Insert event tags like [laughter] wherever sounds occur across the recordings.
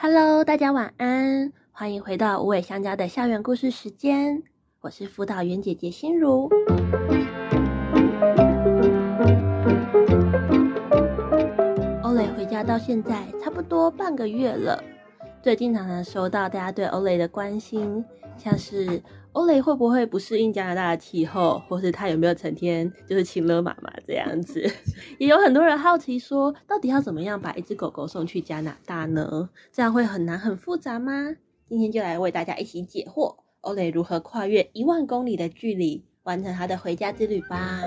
Hello，大家晚安，歡迎回到無尾香蕉的校園故事時間，我是輔導員姐姐心如。歐蕾 [music] 回家到現在差不多半個月了，最近常常收到大家對歐蕾的關心，像是，歐蕾會不會不適應加拿大的氣候，或是他有沒有成天就是親了媽媽這樣子？ [laughs] 也有很多人好奇說，到底要怎麼樣把一只狗狗送去加拿大呢？這樣會很難很複雜嗎？今天就來為大家一起解惑，歐蕾如何跨越一萬公里的距離，完成他的回家之旅吧。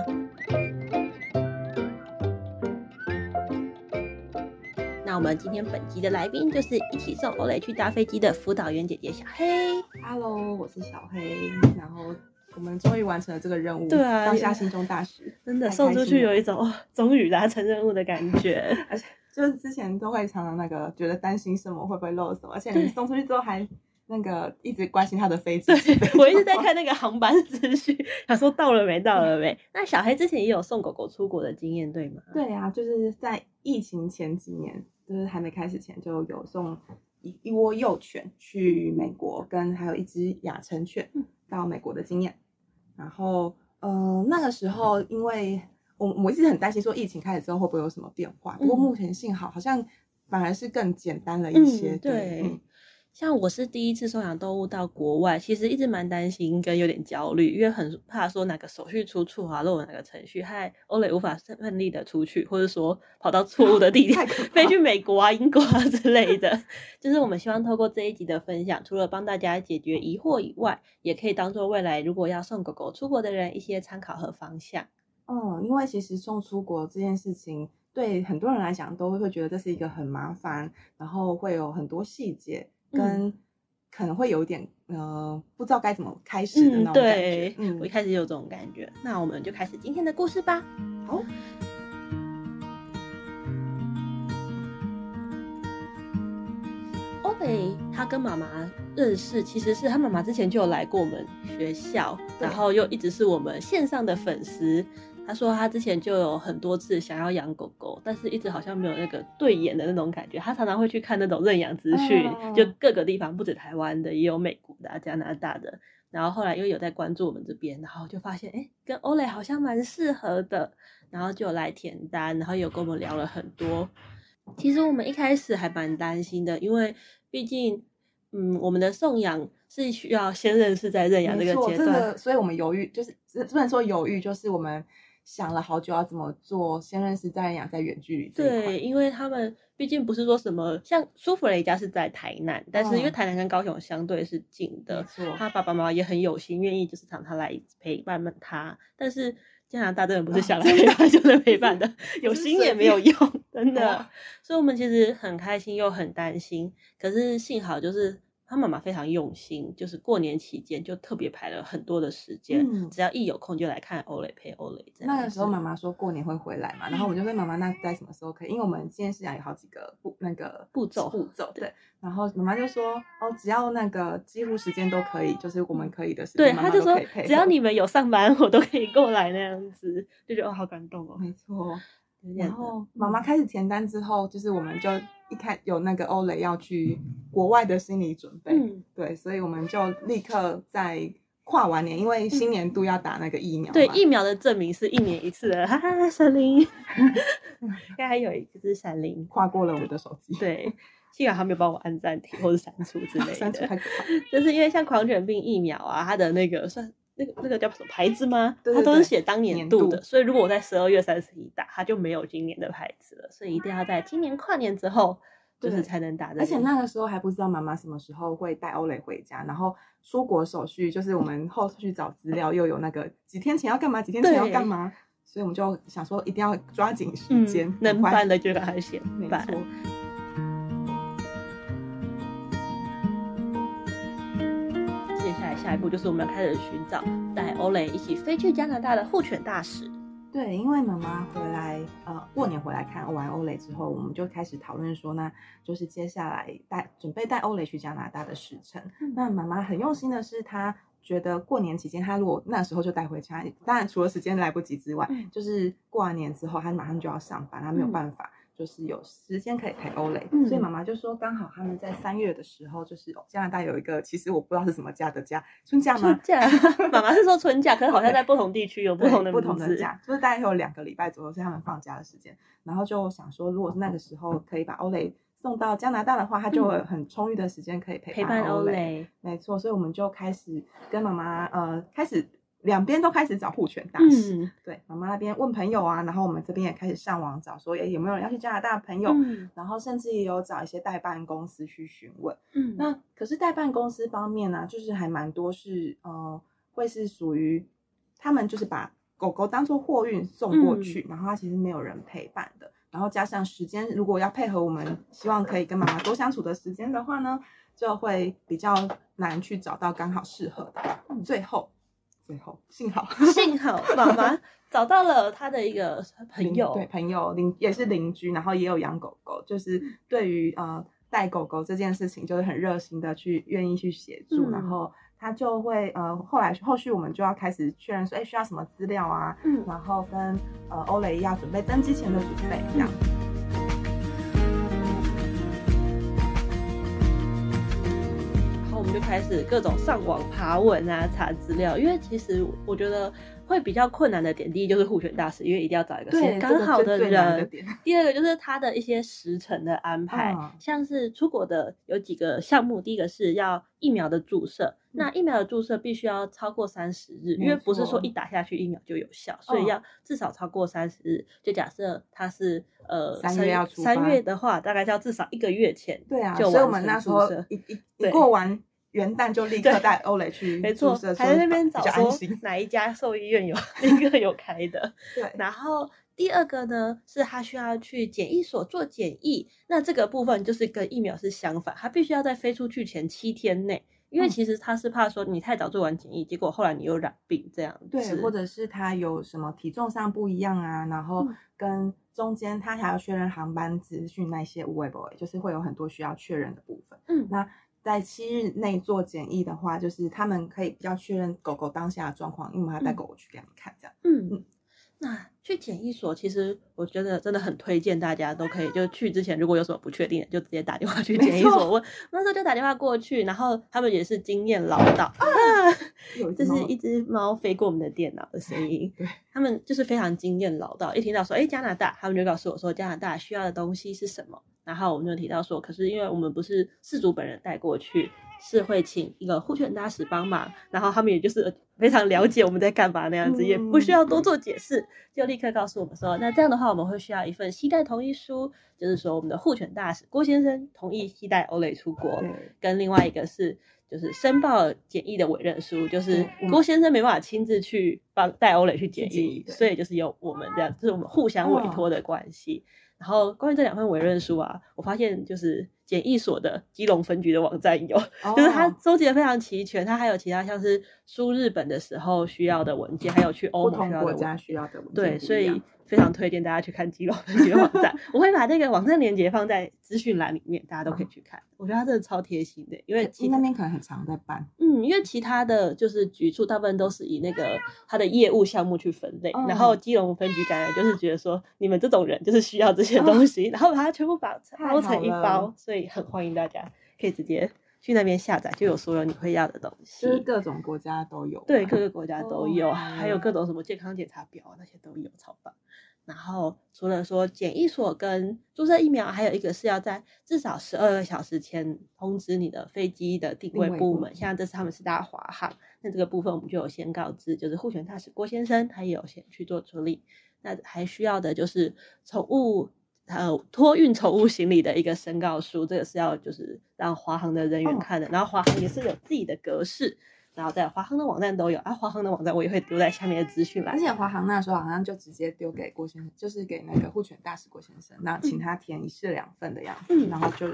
那我們今天本集的來賓就是一起送歐蕾去搭飛機的輔導員姐姐小黑。Hello，我是小黑。然後我們終於完成了這個任務，當、啊、下心中大喜，真的送出去有一種終於達成任務的感覺。而 [laughs] 且就是之前都會常常那個覺得擔心什麼，會不會漏什麼，而且你送出去之後還那個一直關心他的飛機。 [laughs] 我一直在看那個航班資訊，他說到了沒，到了沒、嗯。那小黑之前也有送狗狗出國的經驗對嗎？對呀、啊，就是在疫情前幾年。就是還沒開始前就有送一一窩幼犬去美國，跟還有一只亞成犬到美國的經驗。然後，呃，那個時候因為我我一直很擔心說疫情開始之後會不會有什麼變化。嗯，不過目前幸好好像反而是更簡單了一些。嗯，對。對像我是第一次收養動物到國外，其實一直蠻擔心跟有點焦慮，因為很怕說哪個手續出錯啊，漏了哪個程序，害歐蕾無法順利的出去，或者說跑到錯誤的地點，飛去美國啊、英國啊之類的。 [laughs] 就是我們希望透過這一集的分享，除了幫大家解決疑惑以外，也可以當做未來如果要送狗狗出國的人一些參考和方向。哦，因為其實送出國這件事情，對很多人來講都會覺得這是一個很麻煩，然後會有很多細節。跟可能會有點、嗯呃、不知道該怎麼開始的那種感覺。嗯對嗯、我一開始就有這種感覺。那我們就開始今天的故事吧。好。歐蕾，他跟媽媽認識，其實是他媽媽之前就有來過我們學校，然後又一直是我們線上的粉絲。他說他之前就有很多次想要養狗狗，但是一直好像沒有那個對眼的那種感覺。他常常會去看那種認養資訊，就各個地方不止台灣的，也有美國的、啊、加拿大的。然後後來又有在關注我們這邊，然後就發現哎、欸，跟歐蕾好像蠻適合的，然後就來填單，然後有跟我們聊了很多。其實我們一開始還蠻擔心的，因為畢竟嗯，我們的送養是需要先認識在認養這個階段的，所以我們猶豫，就是雖然說猶豫，就是我們。想了好久要怎麼做，先認識再養，在遠距離。對，因為他們畢竟不是說什麼像舒芙蕾家是在台南、嗯，但是因為台南跟高雄相對是近的，他、嗯、爸爸媽媽也很有心，願意就是常常來陪伴他。但是加拿大的人不是想來陪伴、啊、就來陪伴的，有心也沒有用，真的。所以我們其實很開心又很擔心，可是幸好就是。他媽媽非常用心，就是過年期間就特別排了很多的時間，嗯、只要一有空就來看歐 o 陪歐 y 那個時候媽媽說過年會回來嘛。嗯、然後我就問媽媽，那在什麼時候可以？因為我們今天是講有好幾個步那個步驟步驟，對，對，然後媽媽就說哦，只要那個幾乎時間都可以，就是我們可以的時間，對她就說只要你們有上班，我都可以過來那樣子，就覺得哦好感動哦，沒錯。然後媽媽開始填單之後，就是我們就一開有那個歐 y 要去。國外的心理準備，嗯，對，所以我們就立刻在跨完年，因為新年度要打那個疫苗，嗯。對，疫苗的證明是一年一次的 [laughs] 哈、哈，閃靈，應 [laughs] 該還有一只是閃靈，跨過了我的手機。對，對，幸好他沒有幫我按暫停或者刪除之類的，刪除、 [laughs] 哦、可怕 [laughs] 就是因為像狂犬病疫苗啊，它的那個算那個那個叫什麼牌子嗎？對對對。它都是寫當年度的，度所以如果我在十二月三十一打，它就沒有今年的牌子了。所以一定要在今年跨年之後。就是才能打的，而且那個時候還不知道媽媽什麼時候會帶歐蕾回家，然後出國手續就是我們後續找資料，又有那個幾天前要幹嘛，幾天前要幹嘛，所以我們就想說一定要抓緊時間。嗯、能辦的覺得還行，沒錯。接下來下一步就是我們要開始尋找帶歐蕾一起飛去加拿大的護犬大使。對，因為媽媽回來，呃，過年回來看完歐蕾之後，我們就開始討論說呢，就是接下來帶準備帶歐蕾去加拿大的時程。那媽媽很用心的是，她覺得過年期間，她如果那時候就帶回家，當然除了時間來不及之外，就是過完年之後，她馬上就要上班，她沒有辦法。嗯就是有時間可以陪歐蕾、嗯、所以媽媽就說，剛好他們在三月的時候，就是加拿大有一個，其實我不知道是什麼假的假，春假嗎？春假。媽媽是說春假， [laughs] 可是好像在不同地區有不同的不同的假，就是大概有兩個禮拜左右是他們放假的時間。然後就想說，如果是那個時候可以把歐蕾送到加拿大的話，他就會很充裕的時間可以陪伴歐蕾，沒錯，所以我們就開始跟媽媽呃開始。兩邊都開始找護犬大使、嗯，對，媽媽那邊問朋友啊，然後我們這邊也開始上網找說，說、欸、誒有沒有人要去加拿大的朋友、嗯，然後甚至也有找一些代辦公司去詢問。嗯，那可是代辦公司方面呢、啊，就是還蠻多是呃，會是屬於他們就是把狗狗當做貨運送過去，嗯、然後它其實沒有人陪伴的，然後加上時間，如果要配合我們希望可以跟媽媽多相處的時間的話呢，就會比較難去找到剛好適合的。嗯、最後。幸好，幸好，幸 [laughs] 好媽媽找到了她的一個朋友，對，朋友鄰也是鄰居，然後也有養狗狗，就是對於呃帶狗狗這件事情，就是很熱心的去願意去協助，嗯、然後他就會呃後來後續我們就要開始確認說，哎、欸、需要什麼資料啊，嗯、然後跟呃歐蕾要準備登機前的準備、嗯、這樣。開始各種上網爬文啊，查資料，因為其實我覺得會比較困難的點，第一就是護選大使，因為一定要找一個剛好的人，這個最最難的點。第二個就是他的一些時程的安排，哦、像是出國的有幾個項目，第一個是要疫苗的注射，嗯、那疫苗的注射必須要超過三十日，嗯，因為不是說一打下去疫苗就有效，所以要至少超過三十日、哦。就假設他是呃三月要出，三月的話大概就要至少一個月前，對啊，就我們那時候一一過完。元旦就立刻帶歐蕾去沒注射，還在那邊找說哪一家獸醫院有 [laughs] 一個有開的。 [laughs] 對,然後第二個呢是他需要去檢疫所做檢疫，那這個部分就是跟疫苗是相反，他必須要在飛出去前七天內，因為其實他是怕說你太早做完檢疫，嗯，結果後來你又染病這樣子。對，或者是他有什麼體重上不一樣啊，然後跟中間他還要確認航班資訊那些無 a 不 i，就是會有很多需要確認的部分。嗯，那。在七日內做檢疫的話，就是他們可以比較確認狗狗當下的狀況，因為我們還帶狗狗去給他們看，嗯、這樣。嗯，嗯，那去檢疫所，其實我覺得真的很推薦大家都可以。就去之前，如果有什麼不確定，就直接打電話去檢疫所問。那時候就打電話過去，然後他們也是經驗老道。啊，這是一只貓飛過我們的電腦的聲音。啊、對他們就是非常經驗老道，一聽到說“哎，加拿大”，他們就告訴我說：“加拿大需要的東西是什麼？”然後我們就提到說，可是因為我們不是事主本人帶過去，是會請一個護犬大使幫忙。然後他們也就是非常了解我們在幹嘛那樣子，嗯、也不需要多做解釋，就立刻告訴我們說，那這樣的話我們會需要一份攜帶同意書，就是說我們的護犬大使郭先生同意攜帶歐蕾出國。跟另外一個是就是申報檢疫的委任書，就是郭先生沒辦法親自去幫帶歐蕾去檢疫，所以就是由我們這樣，就是我們互相委託的關係。然後關於這兩份委任書啊，我發現就是檢疫所的基隆分局的網站有，oh. 就是它收集的非常齊全，它還有其他像是輸日本的時候需要的文件，還有去歐盟國家需要的文件，對，所以。嗯非常推薦大家去看基隆分局的網站， [laughs] 我會把這個網站鏈接放在資訊欄裡面，大家都可以去看。哦、我覺得它真的超貼心的，因為基那邊可能很常在辦。嗯，因為其他的就是局處大部分都是以那個他的業務項目去分類、哦，然後基隆分局感覺就是覺得說你們這種人就是需要這些東西，哦、然後把它全部包成，包成一包，所以很歡迎大家可以直接。去那邊下載就有所有你會要的東西，是各種國家都有。啊，對，各個國家都有，哦啊，還有各種什麼健康檢查表那些都有，超棒。然後除了說檢疫所跟注射疫苗，還有一個是要在至少十二個小時前通知你的飛機的定位部門。像這次他們是搭華航，那這個部分我們就有先告知，就是護犬大使郭先生，他也有先去做處理。那還需要的就是寵物。呃，託運寵物行李的一個申告書，這個是要就是讓華航的人員看的。Oh，然後華航也是有自己的格式，然後在華航的網站都有啊。華航的網站我也會丟在下面的資訊欄。而且華航那時候好像就直接丟給郭先生，就是給那個護犬大使郭先生，然後請他填一式兩份的樣子，嗯。然後就，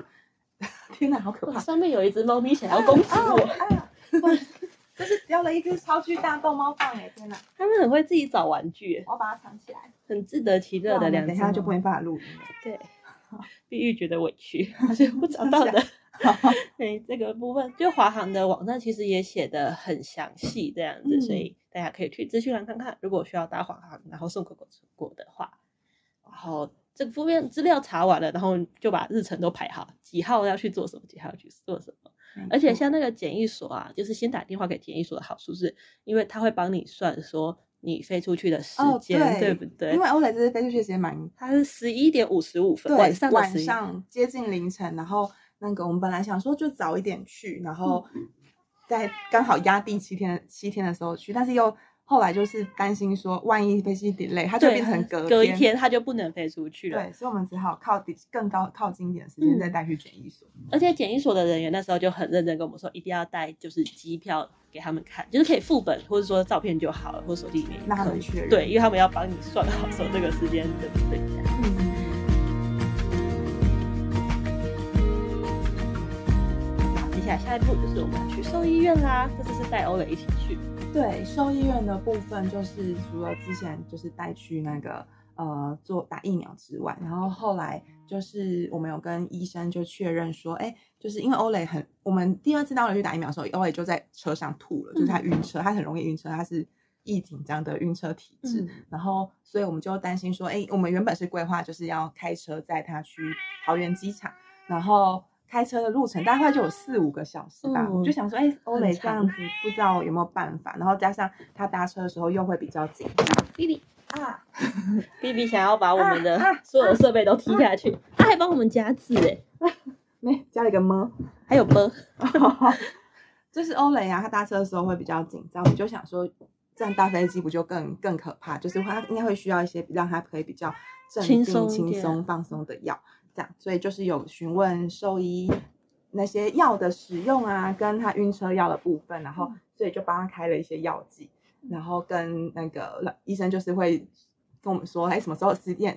天哪，好可怕，哦！上面有一隻貓咪想要攻擊我，哎，啊，呀！哦啊. [laughs] 就是叼了一隻超巨大逗貓棒哎，天吶。他們很會自己找玩具，我要把它藏起來。很自得其樂的，兩天就沒辦法錄音了。 [laughs] 對，碧玉覺得委屈，所 [laughs] 以不找到的。 [laughs] 好，對、哎、這個部分，就華航的網站其實也寫的很詳細，這樣子、嗯，所以大家可以去資訊欄看看。如果需要搭華航，然後送狗狗出國的話，然後這個封面資料查完了，然後就把日程都排好，幾號要去做什麼，幾號要去做什麼。而且像那個檢疫所啊，就是先打電話給檢疫所的好處是，因為他會幫你算說你飛出去的時間，哦、對，對不對？因為歐蕾這次飛出去時間蠻，他是十一點五十五分，晚上晚上接近凌，凌晨。然後那個我們本來想說就早一點去，然後在剛好壓第七天七天的時候去，但是又。後來就是擔心說，萬一飛機 delay，它就會變成隔隔一天，它就不能飛出去了。對，所以我們只好靠更高、靠近一點的時間再帶去檢疫所。嗯、而且檢疫所的人員那時候就很認真跟我們說，一定要帶就是機票給他們看，就是可以副本或者說照片就好了，或手機裡面那他們確認。對，因為他們要幫你算好說這個時間對不對？嗯。那接、嗯、下來下一步就是我們要去獸醫院啦，這次是帶歐蕾一起去。對，獸醫院的部分就是除了之前就是帶去那個呃做打疫苗之外，然後後來就是我們有跟醫生就確認說，哎，就是因為歐蕾很，我們第二次帶歐蕾去打疫苗的時候，歐蕾就在車上吐了，嗯，就是他暈車，他很容易暈車，他是易緊張的暈車體質，嗯，然後所以我們就擔心說，哎，我們原本是規劃就是要開車載他去桃園機場，然後。開車的路程大概就有四五個小時吧，嗯、我就想說，哎、欸，歐蕾這樣子不知道有沒有辦法，然後加上他搭車的時候又會比較緊張。B B 啊，B B 想要把我們的所有的設備都踢下去，啊啊、他還幫我們加字哎，沒加了一個麼，還有麼。 [laughs] 就是歐蕾啊，他搭車的時候會比較緊張，我就想說，這樣搭飛機不就更更可怕？就是他應該會需要一些讓他可以比較正經輕鬆、輕鬆、放鬆的藥。這樣所以就是有詢問獸醫那些藥的使用啊，跟他暈車藥的部分，然後所以就幫他開了一些藥劑，嗯、然後跟那個醫生就是會跟我們說，哎、欸，什麼時候吃，要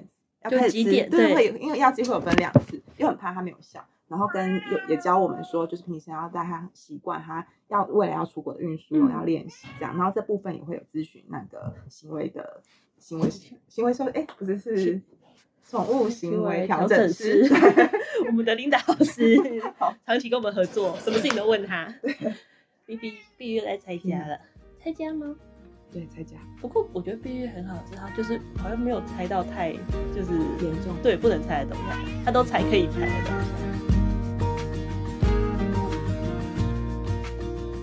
開始幾點？對對對，因為藥劑會有分兩次，又很怕他沒有效。然後跟也教我們說，就是平時要帶他習慣，他要未來要出國的運輸、嗯、要練習這樣。然後這部分也會有諮詢那個行為的行為行為獸，哎，不是是。寵物行為調整，整師， [laughs] 我們的 Linda 老師 [laughs] 好，長期跟我們合作，什麼事情都問他。B B B B 來拆家了，拆、嗯、家嗎？對，拆家。不過我覺得 B B 很好，就是就是好像沒有拆到太就是嚴重，對，不能拆的東西，他都拆可以拆的東西。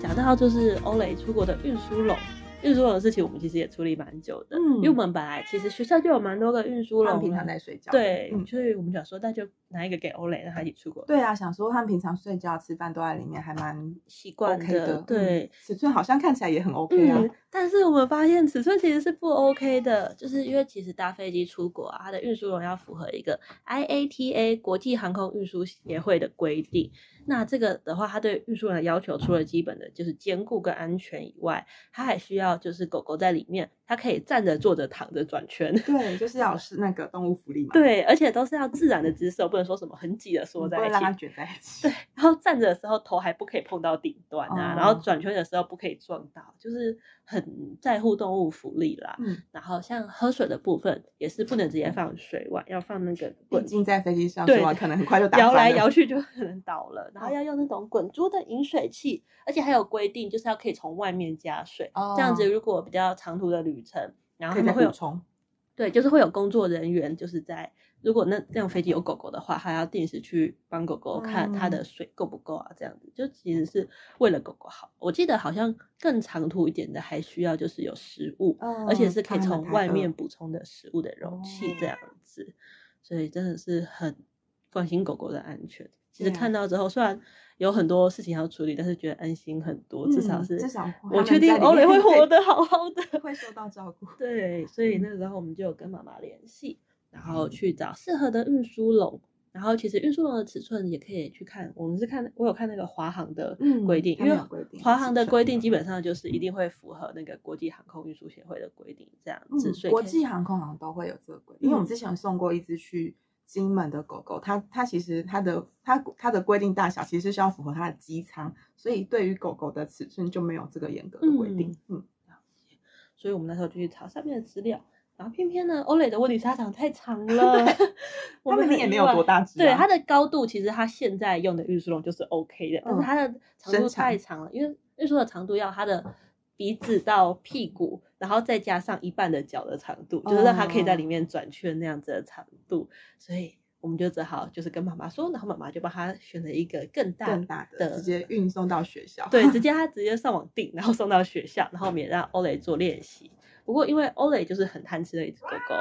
講、嗯、到就是歐蕾出國的運輸籠。運輸的事情，我們其實也處理蠻久的。嗯，因為我們本來其實學校就有蠻多個運輸籠。他們平常在睡覺。對、嗯，所以我們想說大家，那就。拿一個給歐蕾，讓他一起出國。對啊，想說他們平常睡覺、吃飯都在裡面，還蠻、okay、習慣的。對、嗯，尺寸好像看起來也很 OK 啊、嗯。但是我們發現尺寸其實是不 OK 的，就是因為其實搭飛機出國啊，它的運輸籠要符合一個 IATA 國際航空運輸協會的規定。那這個的話，它對運輸籠的要求除了基本的就是堅固跟安全以外，它還需要就是狗狗在裡面，它可以站着、坐着、躺着、轉圈，對，就是要是那個動物福利嘛。嗯、對，而且都是要自然的姿勢，不能說什麼很擠的縮在一起。捲在一起。對，然後站着的時候頭還不可以碰到頂端啊，哦、然後轉圈的時候不可以撞到，就是很在乎動物福利啦。嗯。然後像喝水的部分也是不能直接放水碗，要放那個滾進，在飛機上，對，可能很快就倒，搖來搖去就可能倒了。然後要用那種滾珠的飲水器，哦，而且還有規定，就是要可以從外面加水。哦。這樣子如果比較長途的旅旅程，然後他們會有，對，就是會有工作人員，就是在如果那這樣飛機有狗狗的話，還要定時去幫狗狗看它的水夠不夠啊，嗯、這樣子就其實是為了狗狗好。我記得好像更長途一點的，還需要就是有食物、哦，而且是可以從外面補充的食物的容器這樣子，嗯，所以真的是很關心狗狗的安全。其實看到之後，嗯、雖然。有很多事情要處理，但是覺得安心很多，嗯、至少是至少我確定歐蕾、哦、會活得好好的，會受到照顧。對，所以那個時候我們就跟媽媽聯繫，然後去找適合的運輸籠。然後其實運輸籠的尺寸也可以去看，我們是看我有看那個華航的規定、嗯，因為華航的規定基本上就是一定會符合那個國際航空運輸協會的規定，這樣子。嗯、所以國際航空好像都會有這個規定，因為我們之前送過一隻去金門的狗狗，它它其實它的它它的規定大小，其實是要符合它的機艙，所以對於狗狗的尺寸就沒有這個嚴格的規定。嗯，嗯，所以我們那時候就去查上面的資料，然後偏偏呢，歐蕾的臥底沙場太長了。 [laughs] 對，我們們也沒有多大、啊，對它的高度，其實它現在用的運輸籠就是 OK 的，嗯、但是它的長度太長了，長，因為運輸的長度要它的鼻子到屁股。然後再加上一半的腳的長度，就是讓它可以在裡面轉圈那樣子的長度，哦，所以我們就只好就是跟媽媽說，然後媽媽就幫他選了一個更大，更大的，直接運送到學校。對，直接他直接上網訂，然後送到學校。 [laughs] 然後免讓歐蕾做練習。不過因為歐蕾就是很貪吃的一只狗狗，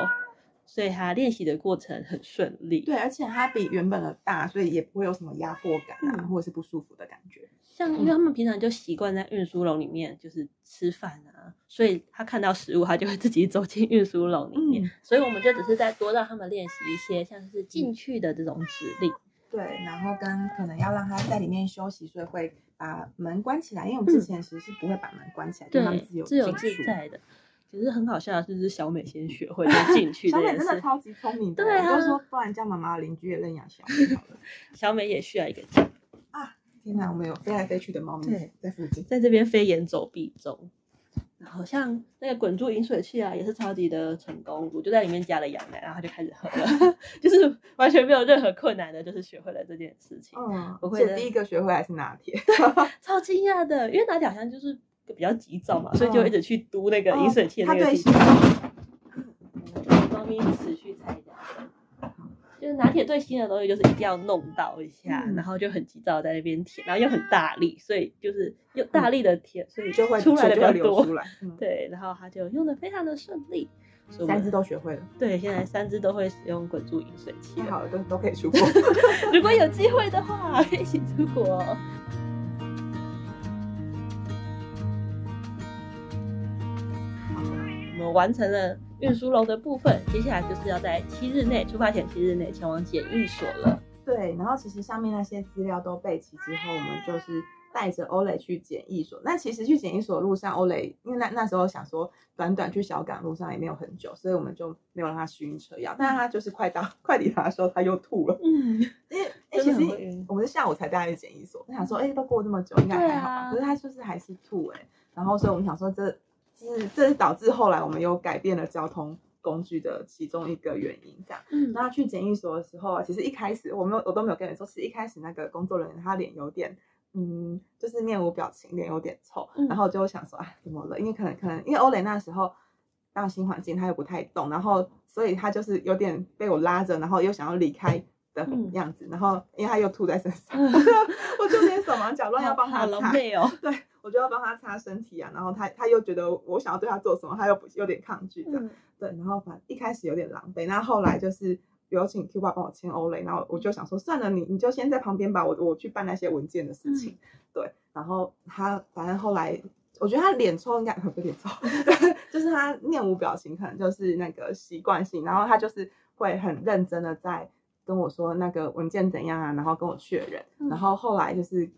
所以他練習的過程很順利。對，而且它比原本的大，所以也不會有什麼壓迫感，啊嗯，或者是不舒服的感覺。像因為他們平常就習慣在運輸籠裡面，就是吃飯啊，所以他看到食物，他就會自己走進運輸籠裡面、嗯。所以我們就只是在多讓他們練習一些像是進去的這種指令。對，然後跟可能要讓他在裡面休息，所以會把門關起來。嗯、因為我們之前其實是不會把門關起來，就他們自由，自由自在的。其實很好笑的是，是，小美先學會進去。 [laughs] 小美真的超級聰明的，對啊，我都說不然叫媽媽鄰居也認養小美好了。 [laughs] 小美也需要一個家。天啊，我們有飛來飛去的貓咪，對，在附近，在這邊飛檐走壁中。好像那個滾珠飲水器啊，也是超級的成功，我就在裡面加了羊奶，然後就開始喝了， [laughs] 就是完全沒有任何困難的，就是學會了這件事情。嗯，不會第一個學會還是拿鐵， [laughs] 超驚訝的，因為拿鐵好像就是比較急躁嘛，嗯、所以就一直去督那個飲水器的那個。嗯哦。就是、拿鐵最新的東西就是一定要弄到一下，嗯、然後就很急躁在那邊舔，然後又很大力，所以就是又大力的舔，嗯，所以就會出來的比較多就就。對，然後他就用的非常的順利，三、嗯、只都學會了。對，現在三隻都會使用滾珠飲水器，好的，都都可以出國。 [laughs] 如果有機會的話，可以一起出國。 [laughs] 我們完成了。運輸籠的部分，接下來就是要在七日內出發前七日內前往檢疫所了。對，然後其實上面那些資料都備齊之後，我們就是帶着歐蕾去檢疫所。那其實去檢疫所的路上，歐蕾因為那那時候想說，短短去小港路上也沒有很久，所以我們就沒有讓他吃暈車藥、嗯。但他就是快到快抵達的時候，他又吐了。嗯，因為、欸、其實我們是下午才帶他去檢疫所，想說，哎、欸，都過了這麼久，應該還好吧、啊。可是他就是還是吐哎、欸，然後所以我們想說這。就是，這、就是導致後來我們又改變了交通工具的其中一個原因，這樣。嗯。那去檢疫所的時候啊，其實一開始我沒有，我都沒有跟你說，是一開始那個工作人員他臉有點，嗯，就是面無表情，臉有點臭、嗯，然後就想說啊，怎麼了？因為可能可能因為歐蕾那時候到新環境，他又不太懂，然後所以他就是有點被我拉着，然後又想要離開的樣子、嗯，然後因為他又吐在身上，嗯、 [laughs] 我就有點手忙腳亂要幫他擦。累、嗯、哦。對。我就要幫他擦身體啊，然後他他又覺得我想要對他做什麼，他又不有點抗拒的、嗯，對，然後反一開始有點狼狽，那後來就是，有請 Q 爸幫我簽歐蕾，然後我就想說、嗯、算了你，你你就先在旁邊吧，我我去辦那些文件的事情、嗯，對，然後他反正後來，我覺得他臉抽應該、啊、不是臉抽， [laughs] 就是他面無表情，可能就是那個習慣性，然後他就是會很認真的在跟我說那個文件怎樣啊，然後跟我確認、嗯，然後後來就是。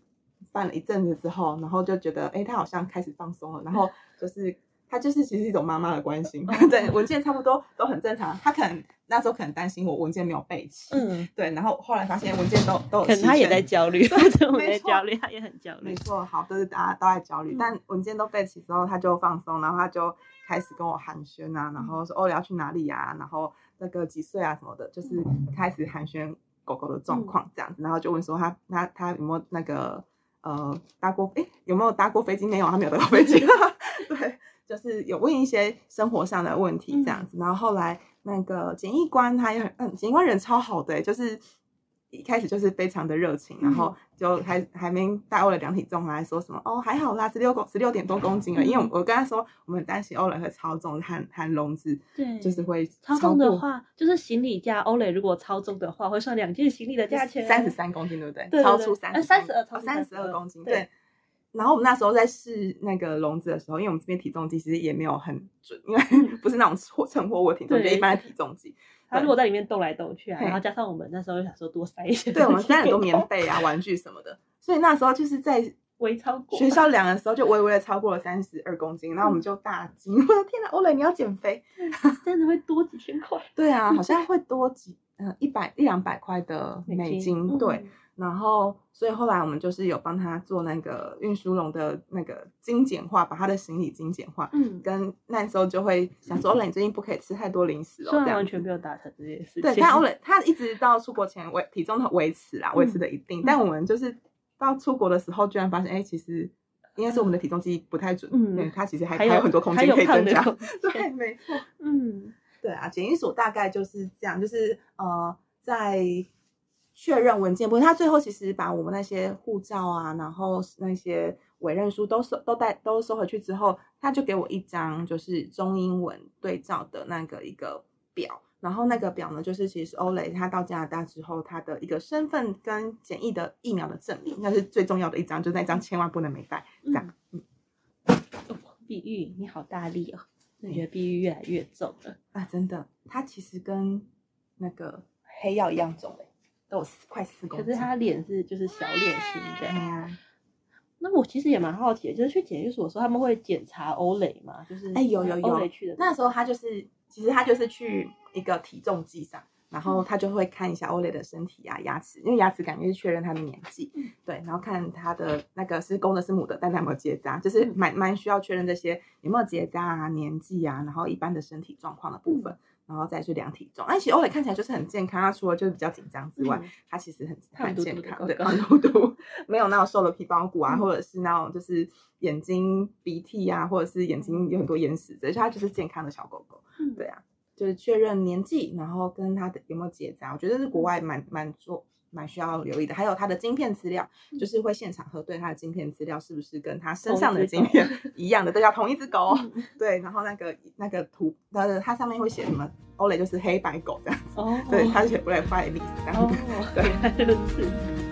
辦了一陣子之後，然後就覺得，哎、欸，他好像開始放鬆了。然後就是他就是其實是一種媽媽的關心，嗯、 [laughs] 對文件差不多都很正常。他可能那時候可能擔心我文件沒有備齊，嗯，對。然後後來發現文件都都有，可能他也在焦慮， [laughs] 對，他也在焦慮，他也很焦慮，沒錯，好，就是大家都在焦慮。嗯、焦慮但文件都備齊之後，他就放鬆，然後他就開始跟我寒暄啊，然後說哦，你要去哪裡呀、啊？然後那個幾歲啊什麼的，就是開始寒暄狗狗的狀況、嗯、這樣子，然後就問說他他他有沒有那個。呃，搭過哎、欸，有沒有搭過飛機？沒有、啊，還沒有搭過飛機。 [laughs] 對，就是有問一些生活上的問題這樣子，然後後來那個檢疫官他也很，嗯，檢疫官人超好的、欸，就是。一開始就是非常的熱情，然後就還還沒帶歐蕾量體重，還說什麼哦，還好啦，十六公十六點多公斤啊。因為我跟他說我們很擔心歐蕾會超重，含含籠子，對，就是會超重的話，就是行李加歐蕾如果超重的話會算兩件行李的價錢，三十三公斤對不對？對對對，超出三三十二超三十二公斤，啊32，哦，32公斤對，對。然後我們那時候在試那個籠子的時候，因為我們這邊體重計其實也沒有很準，因為 [laughs] 不是那種稱貨物的體重，就一般的體重計。他如果在裡面動來動去啊，然後加上我們那時候又想說多塞一些，對，我們塞很多棉被啊、 [laughs] 玩具什麼的，所以那時候就是在微超過學校量的時候就微微的超過了三十二公斤，然後我們就大驚、嗯，我的天哪，歐蕾你要減肥，真、嗯、的會多幾千塊？ [laughs] 對啊，好像會多幾呃一百一兩百塊的美金， [laughs] 美金，對。然後，所以後來我們就是有幫他做那個運輸籠的那個精簡化，把他的行李精簡化。嗯，跟那時候就會想說，歐、嗯哦、你最近不可以吃太多零食哦，這樣完全沒有達成這些事情。對他、哦，歐蕾他一直到出國前維體重都維持啦，維持的一定、嗯。但我們就是到出國的時候，居然發現，哎、嗯欸，其實應該是我們的體重機不太準嗯，嗯，他其實還還有，還有很多空間可以增加。 [laughs] 對、嗯，沒錯，嗯，對啊，檢疫所大概就是這樣，就是呃，在。確認文件，不是，他最後其實把我們那些護照啊，然後那些委任書都收都帶都收回去之後，他就給我一張就是中英文對照的那個一個表，然後那個表呢就是其實歐蕾他到加拿大之後他的一個身份跟檢疫的疫苗的證明，那是最重要的一張，就是、那張千萬不能沒帶。這樣。嗯嗯。碧、哦、玉你好大力哦，你、嗯、感覺碧玉越來越重了啊！真的，它其實跟那個黑曜一樣重哎、欸。都有快四公斤，可是他臉是就是小臉型的，對、嗯、呀。那我其實也蠻好奇，就是去檢疫所的時候，他們會檢查歐蕾嗎？就是哎，欸、有有有。那時候他就是，其實他就是去一個體重計上，然後他就會看一下歐蕾的身體啊、牙齒，因為牙齒感覺是確認他的年紀、嗯，對，然後看他的那個是公的、是母的，但他有沒有結紮，就是蠻蠻需要確認這些有沒有結紮啊、年紀啊，然後一般的身體狀況的部分。嗯然後再去量體重，而且歐蕾看起來就是很健康。他除了就是比較緊張之外，嗯、他其實很很健康。嘟嘟的高高對，很、啊、嘟嘟，沒有那種瘦的皮包骨啊，嗯、或者是那種就是眼睛鼻涕啊，嗯、或者是眼睛有很多眼屎，所以他就是健康的小狗狗。嗯、對啊，就是確認年紀，然後跟他的有沒有結紮，我覺得這是國外蠻蠻做。蠻需要留意的，還有它的晶片資料、嗯，就是會現場核對它的晶片資料是不是跟它身上的晶片一,一樣的，都叫同一只狗、嗯。對，然後那個那個圖，那它上面會寫什麼？歐蕾就是黑白狗這樣子。哦，對，它寫 Olay White Mix 這樣子、哦。對，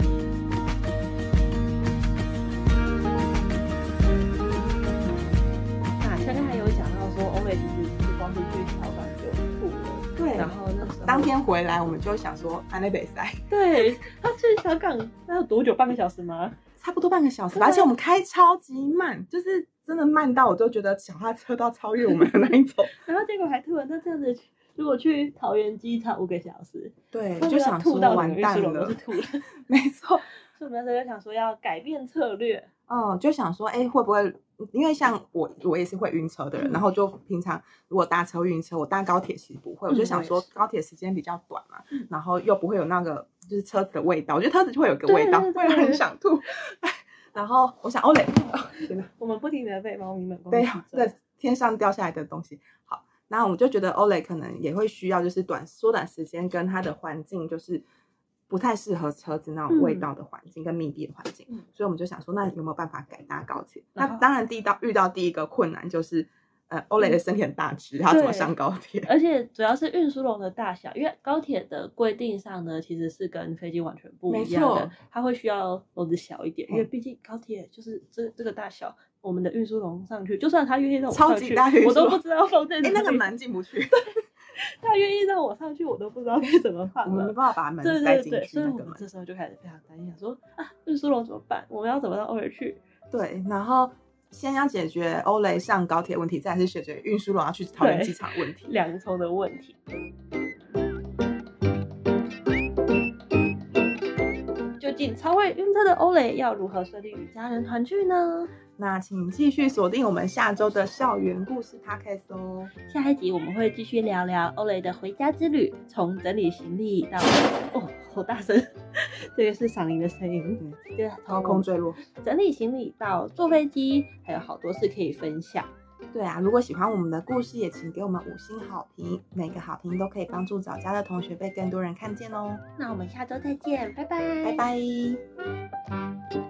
當天回來，我們就想說台北塞，對，他去小港那要多久？半個小時嗎？差不多半個小時，而且我們開超級慢，就是真的慢到我都覺得小卡車都超越我們的那一種。 [laughs] 然後結果還吐了，他這樣子如果去桃園機場五個小時，對，就想吐到完蛋了，吐，蛋了我吐了，沒錯。 [laughs] 所以我們那時候就想說要改變策略，哦、嗯，就想說哎、欸，會不會？因為像我，我也是會暈車的人，然後就平常如果搭車暈車，我搭高鐵其實不會、嗯，我就想說高鐵時間比較短嘛、嗯，然後又不會有那個就是車子的味道，嗯、我覺得車子就會有個味道。對，會很想吐。 [laughs] 然後我想歐蕾，我們不停的被貓咪們，對啊，天上掉下來的東西。好，那我就覺得歐蕾可能也會需要就是短，縮短時間跟它的環境就是。不太適合車子那種味道的環境跟密閉的環境、嗯，所以我們就想說，那有沒有辦法改搭高鐵、嗯。那當然，第一道遇到第一個困難就是，嗯、呃，歐蕾的身體很大隻，他、嗯、怎麼上高鐵？而且主要是運輸籠的大小，因為高鐵的規定上呢，其實是跟飛機完全不一樣的，沒錯，它會需要籠子小一點、嗯，因為畢竟高鐵就是這這個大小，我們的運輸籠上去，就算他運那種超級大的，我都不知道放在哪裡，那個門進不去。對。 [laughs] 他願意讓我上去，我都不知道該怎麼辦了。我們沒辦法把門帶進去，對對對，那個門，所以我這時候就開始非常擔心，說啊，運輸籠怎麼辦？我們要怎麼到歐蕾去？對，然後先要解決歐蕾上高鐵問題，再是解決運輸籠要去討論機場問題，兩衝的問題。超會暈車的歐蕾要如何順利與家人團聚呢？那請繼續鎖定我們下周的校園故事 podcast 哦。下一集我們會繼續聊聊歐蕾的回家之旅，從整理行李到，哦好大聲，這個是響鈴的聲音，就、嗯、高空墜落，整理行李到坐飛機，還有好多事可以分享。對啊，如果喜歡我們的故事，也請給我們五星好評。每個好評都可以幫助找家的同學被更多人看見哦。那我們下周再見，拜拜。拜拜。